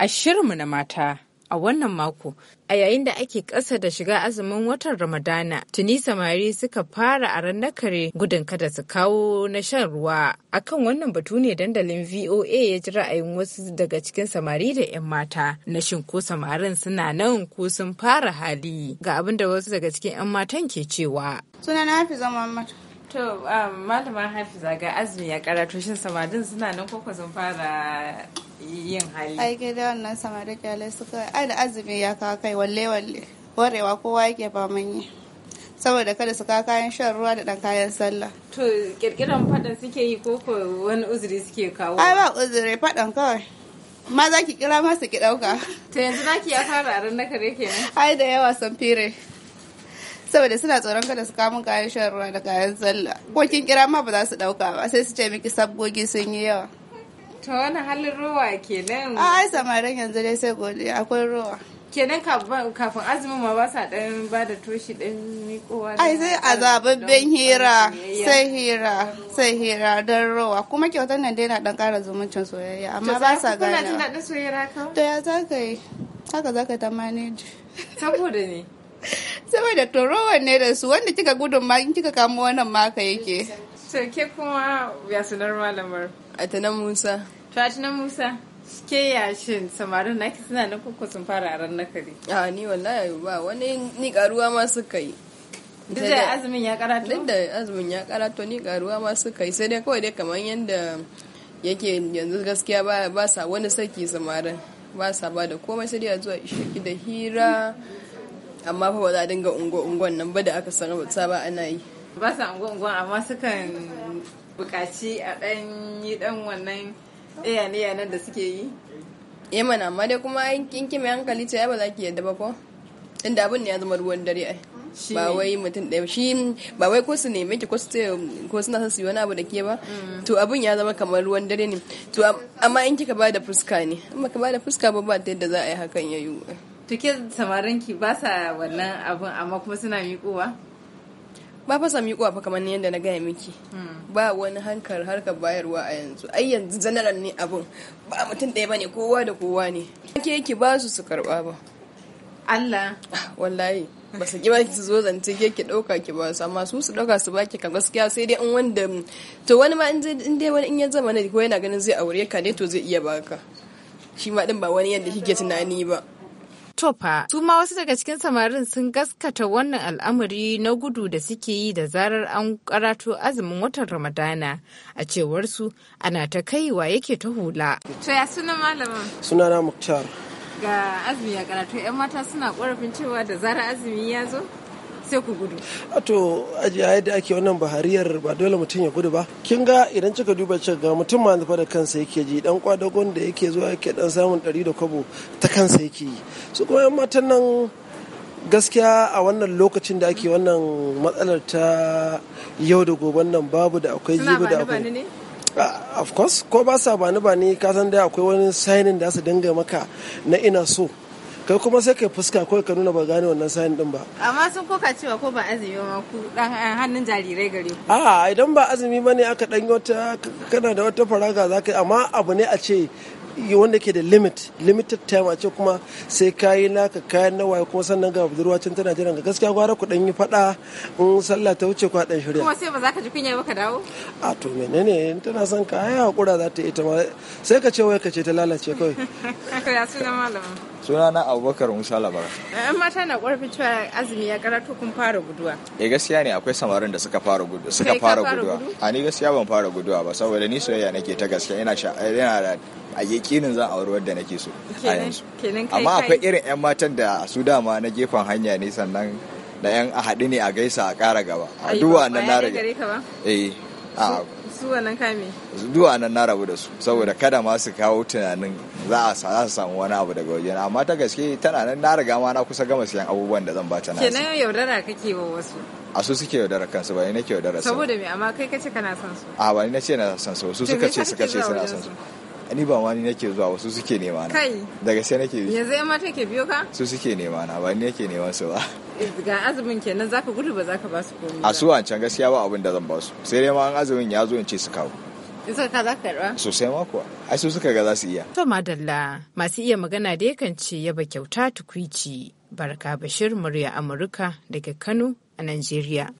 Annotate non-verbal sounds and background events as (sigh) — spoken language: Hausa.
a shirinmu na mata a wannan mako a yayin da ake ƙasa da shiga azumin watan ramadana tuni samari suka fara a kare gudun kada su kawo na shan ruwa akan wannan batu ne dandalin voa ya ji ra'ayin wasu daga cikin samari da 'yan mata na shin ko samarin suna nan ko sun fara hali ga abin da wasu daga cikin 'yan matan ke cewa suna na hafi zama mata to um, malama hafiza ga azumi ya karato shin samarin suna nan ko sun fara yin hali ai ke da wannan samari kyale suka ai da azumi ya kawo kai walle walle warewa kowa yake ba manyi. saboda kada su kawo kayan shan ruwa da dan kayan sallah to kirkiran fadan suke yi ko ko wani uzuri suke kawo ai ba uzuri fadan kawai ma za ki kira masu ki dauka to yanzu ki ya fara a na kare kenan ai da yawa sun fire saboda suna tsoron kada su kamun kayan shan ruwa da kayan sallah ko kin kira ma ba za su dauka ba sai su ce miki sabgogi sun yi yawa ta wani halin rowa kenan ah, ai samarin yanzu dai sai godiya akwai rowa kenan kafin azumin ma ba sa dan ba da toshi dan mikowa ai sai azababben hira sai hira sai hira don rowa kuma kyautar nan dai na dan ƙara zumuncin soyayya amma ba sa gane kuna jin daɗin soyayya kawai to ya za ka yi haka za ka ta manage saboda ne (laughs) saboda to rowan ne da su wanda kika gudun ma in kika kamo wannan maka yake to ke kuma ya sunar malamar nan musa to nan musa ke yashin samarin ki suna na kuku sun fara ran nakari a ni wallahi ba wani ni karuwa ma suka yi duk da azumin ya karato duk da azumin ya karato ni karuwa ma suka yi sai dai kawai dai kamar yadda yake yanzu gaskiya ba sa wani saki samarin ba sa ba da komai sai dai zuwa ishaki da hira amma fa ba za a dinga ungo-ungon nan ba da aka san ba ana yi ba sa unguwa amma sukan bukaci a ɗan yi ɗan wannan ɗaya-ɗaya da suke yi ya eh mana amma dai kuma in mai hankali ce ba za ki yadda ba ko inda abin ne ya zama ruwan dare ai ba wai mutum ɗaya shi ba wai ko su neme ki ko su ce ko suna son su yi wani abu da ke ba mm. to abin ya zama kamar ruwan dare ne to amma in kika bada fuska ne amma ka bada fuska ba ba ta yadda za a yi hakan ya yi to ke samarin ki ba sa wannan abin amma kuma suna miƙowa ba fa sami kuwa fa kamar yadda na gaya miki ba wani hankar harkar bayarwa a yanzu ai yanzu general ne abun ba mutum ɗaya bane kowa da kowa ne ke yake ba su su karɓa ba Allah (laughs) wallahi ba su ki baki su zo zance ke ki ɗauka ki ba su amma su su ɗauka su baki ka gaskiya sai dai in wanda to wani ma in dai wani in ya zama ne ko yana ganin zai aure ka ne to zai iya baka shi ma din ba wani yadda kike tunani ba to su ma wasu daga cikin samarin sun gaskata wannan al'amari na gudu da suke yi da zarar an karato azumin watan ramadana a cewar su ana ta kaiwa yake ta hula to ya suna malama na muktar ga azumi ya karatu yan mata suna korafin cewa da zarar azumi ya zo sai ku gudu to ajiya yadda ake wannan bahariyar ba dole mutum ya gudu ba kin ga idan kika duba cewa ga mutum ma da kansa yake ji dan kwadagon da yake zuwa yake dan samun ɗari da kwabo ta kansa yake yi su kuma yan matan nan gaskiya a wannan lokacin da ake wannan matsalar ta yau da gobe nan babu da akwai jibi da akwai of course ko ba sa bani bani ka san dai akwai wani signing da su dinga maka na ina so kai kuma sai kai fuska kawai ka nuna ba gane wannan sayin din ba amma sun koka cewa ko ba azumi ma ku dan eh, hannun jarirai gare ku a'a idan ba azumi bane aka dan wata kana da wata faraga zaka amma abu ne a ce wanda ke da limit limited time a ce kuma sai kayi naka kayan nawa kuma sannan ga budurwa can tana jiran ga gaskiya gwara ku dan yi fada in sallah ta wuce kwa dan shirya kuma sai ba za ka ji kunya ba ka dawo a to menene in tana son ka ai hakura za ta ta ma sai ka ce wai ka ce ta lalace kawai (laughs) ya suna malama suna na abubakar musa labara yan mata na ƙwarfi cewa azumi ya karato kun fara guduwa e gaskiya ne akwai samarin da suka fara guduwa. suka fara guduwa a ni gaskiya ban fara guduwa ba saboda ni soyayya nake ta gaskiya ina sha ina da a yakinin zan auri wadda nake so a yanzu amma akwai irin yan matan da su dama na gefen hanya ne sannan da yan a haɗu ne a gaisa a ƙara gaba a duwa na na rage eh Ah. su wannan kame duwa nan na rabu da su saboda kada ma su kawo tunanin za a su samu wani abu daga wajen amma ta gaske tana nan na riga ma na kusa gama siyan abubuwan da zan ba ta na kenan yaudara kake wa wasu a su suke yaudara kansu bai nake yaudara saboda me amma kai kace kana son su a ba ni nace na son su su suka ce suka ce suna son su ni ba wani nake zuwa su suke nema na kai daga sai nake yanzu yamma take biyo ka su suke nema na ba ni nake neman su ba eh, ga azumin kenan zaka gudu ba zaka ba su komai a su can gaskiya ba abin da zan ba su sai dai ma an azumin ya zo in ce su kawo suka ka za ka karba? Sosai ma kuwa. Ai su suka ga za su iya. To madalla masu iya magana da yakan ce yaba kyauta tukwici. Barka Bashir murya Amurka daga Kano a Najeriya.